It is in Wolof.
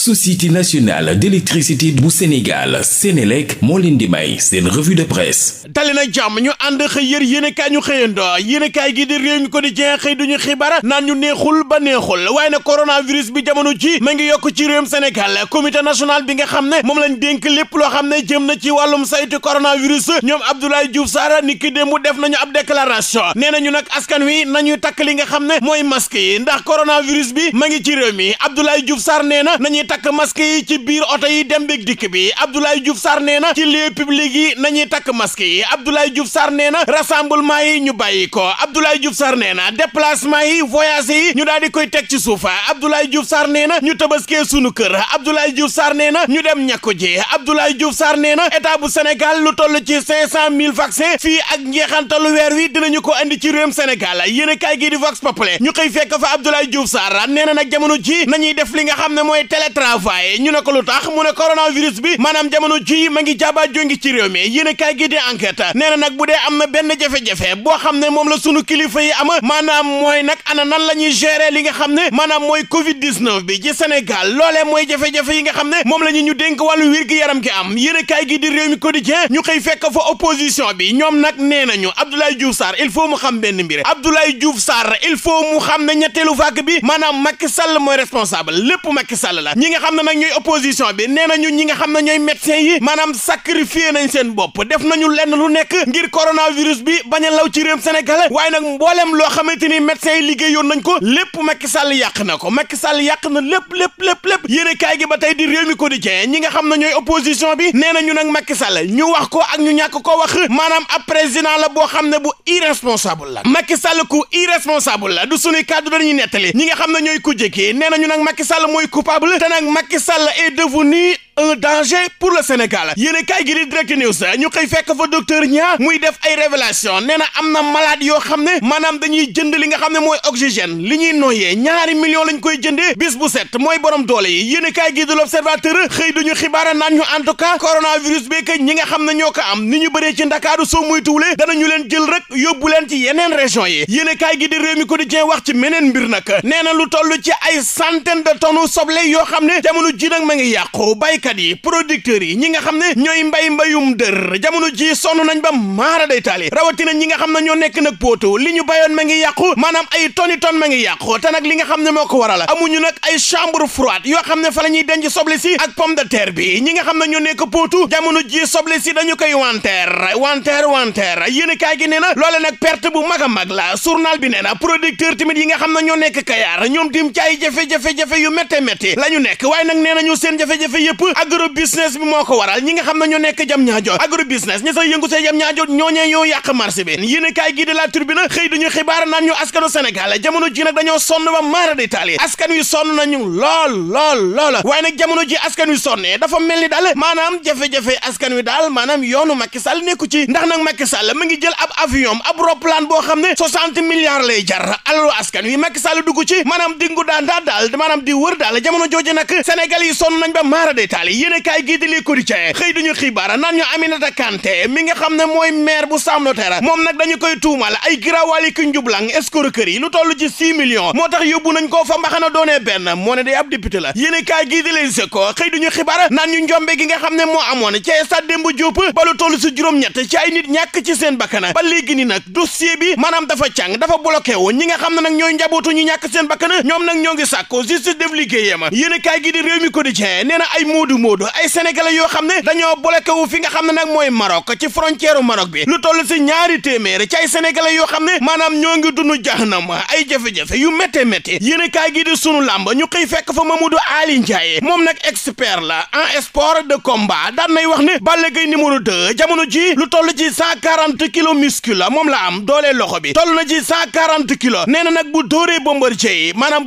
société nationale d'électricité bu Sénégal Sénélec moo leen di may seen revue de presse tali na jàmm ñu ànd xëy yër yéenekaay ñu xëyando yéenekaay gi di réew mi ko di jeex xëy duñu xibaar naan ñu neexul ba neexul waaye na coronavirus bi jamono ji ma ngi yokk ci réewum Sénégal comité national bi nga xam ne moom lañ dénk lépp loo xam ne jëm na ci wàllum saytu coronavirus ñoom Abdoulaye Diouf Sarr ni ki démb def nañu ab déclaration nee nañu nag askan wi nañuy takk li nga xam ne mooy masque yi ndax coronavirus bi ma ngi ci réew mi Abdoulaye Diouf Sarr na takk masque yi ci biir oto yi dem beeg dikk bi Abdoulaye Diouf Sarr nee na ci lieu public yi nañuy takk masque yi Abdoulaye Diouf Sarr nee na rassemblement yi ñu bàyyi ko Abdoulaye Diouf Sarr nee na déplacement yi voyage yi ñu daal di koy teg ci suufa Abdoulaye Diouf Sarr nee na ñu tabaskee sunu kër Abdoulaye Diouf Sarr nee na ñu dem ñàkku ji Abdoulaye Diouf Sarr nee na état bu Sénégal lu toll ci cinq cent mille vaccin fii ak njeexantalu weer wi dinañu ko andi ci réewum Sénégal yéen kaay gi di ñu xëy fekk fa Abdoulaye Diouf Sarr nee na nag jamono ji nañuy def li nga xam ne mooy télé travail ñu ne ko lu tax mu ne coronavirus bi maanaam jamono ji ma ngi jaaba jongi ci réew mi yéen a kaay gi di enquête nee na nag bu dee am na benn jafe-jafe boo xam ne moom la sunu kilifa yi am maanaam mooy nag ana nan la ñuy gérer li nga xam ne maanaam mooy Covid 19 bi ci Sénégal loolee mooy jafe-jafe yi nga xam ne moom la ñu ñu dénk wàllu wér gi yaram gi am yéen a kaay gi di réew mi quotidien ñu xëy fekk fa opposition bi ñoom nag nee nañu Abdoulaye Diouf Sarr il faut mu xam benn mbir Abdoulaye Diouf Sarr il faut mu xam ne ñetteelu vague bi maanaam Macky Sall mooy responsable lépp Macky Sall la ñi nga xam ne nag ñooy bi nee nañu ñi nga xam ne ñooy médecins yi maanaam sacrifié nañ seen bopp def nañu lenn lu nekk ngir coronavirus bi bañ a law ci réewum Sénégal waaye nag mboolem loo xamante ni médecins yi liggéeyoon nañ ko lépp Macky Sall yàq na ko Macky Sall yàq na lépp lépp lépp lépp yéene kaay gi ba tey di réew mi quotidien ñi nga xam ne ñooy opposition bi nee nañu nag Macky Sall ñu wax ko ak ñu ñàkk ko wax maanaam ab président la boo xam ne bu irresponsable la Macky Sall ku irresponsable la du suñuy kàddu dañuy nettali ñi nga xam na ñooy ku jëkkee nee nañu nag Macky Sall mooy coupable te nag nag Macky Sall est devenu un danger pour le Sénégal yéen kay gi di direct ñu xëy fekk fa docteur ña muy def ay révélation nee na am na malade yoo xam ne maanaam dañuy jënd li nga xam ne mooy oxygène li ñuy noyyee ñaari millions lañ koy jëndee bis bu set mooy borom doole yi yéen kay gi di l'observateur xëy duñu xibaara naan ñu en tout cas coronavirus bi que ñi nga xam ne ñoo ko am ni ñu bëree ci Ndakaaru soo muy dana ñu leen jël rek yóbbu leen ci yeneen région yi yéen kay gi di réew mi quotidien wax ci meneen mbir nag nee na lu toll ci ay centaine de tonnes soble yoo xam ne jamono ji nag ma ngi yàqu baykat nappkat yi ñi nga xam ne ñooy mbay mbayum dër jamono ji sonn nañ ba maara day taali rawatina ñi nga xam ne ñoo nekk nag póotu li ñu bayoon ma ngi yàqu ay toni ton ma ngi te nag li nga xam ne moo ko waral amuñu nag ay chambre froide yoo xam ne fa la ñuy denc soble si ak pomme de terre bi ñi nga xam ne ñoo nekk póotu jamono ji soble si dañu koy wanteer wanteer wanteer yéen kaay gi nee na loole nag perte bu mag a mag la journal bi nee na producteur tamit yi nga xam na ñoo nekk kayaar ñoom tim ci ay jafe-jafe-jafe yu métte métti la ñu nekk waaye nag nee nañu seen jafe-jafe yëpp agro business bi moo ko waral ñi nga xam ne ñoo nekk jam ñaajo agro business ñi sa yëngu see jam ñaajo ñooñee ñoo yàq marché bi yéen kaay gii de la tribune xëy duñu xibaar naan askanu Sénégal jamono ji nag dañoo sonn ba maara di taali askan wi sonn lool lool lool waaye nag jamono ji askan wi sonnee dafa mel ni daal maanaam jafe-jafe askan wi daal maanaam yoonu Macky Sall nekku ci ndax nag Macky Sall mu ngi jël ab avion ab roplaan boo xam ne soixante milliards lay jar alalu askan wi Macky Sall dugg ci maanaam dingu daan daal maanaam di wër daal jamono jooju nag Sénégal yi sonn nañ ba maara di taali Sall yéen a kaay gii di Le Quotidien xëy duñu xibaar naan ñu Aminata Kanté mi nga xam ne mooy maire bu Sam Notaire moom nag dañu koy tuumal ay giraawaali ki njublang escroquerie lu toll ci six millions moo tax yóbbu nañ koo fa mbaxana doonee benn moo ne day ab député la yéen a kaay gii di Les Échos xëy xibaar naan ñu njombe gi nga xam ne moo amoon ci stade Demba Diop ba lu toll si juróom-ñett ci ay nit ñàkk ci seen bakkan ba léegi ni nag dossier bi maanaam dafa càng dafa bloqué wu ñi nga xam ne nag ñooy njabootu ñu ñàkk seen bakkan ñoom nag ñoo ngi sàkko justice def liggéeyam yéen kaay gii di réew mi quotidien nee na ay muud Moodu Moodu ay sénégalais yoo xam ne dañoo bloqué wu fi nga xam ne nag mooy Maroc ci frontière Maroc bi lu toll si ñaari téeméer ci ay sénégalais yoo xam ne maanaam ñoo ngi dund jaxanam ay jafe-jafe yu méttee méttee yéen a kaay gi di sunu làmb ñu xëy fekk fa Mamadou Ali Ndiaye moom nag expert la en sport de combat daan nay wax ne Balla Gaye numéro 2 jamono ji lu toll ci cent quarante kilos muscule moom la am doole loxo bi toll na ci cent quarante kilos nee na nag bu dóoree Bombardier maanaam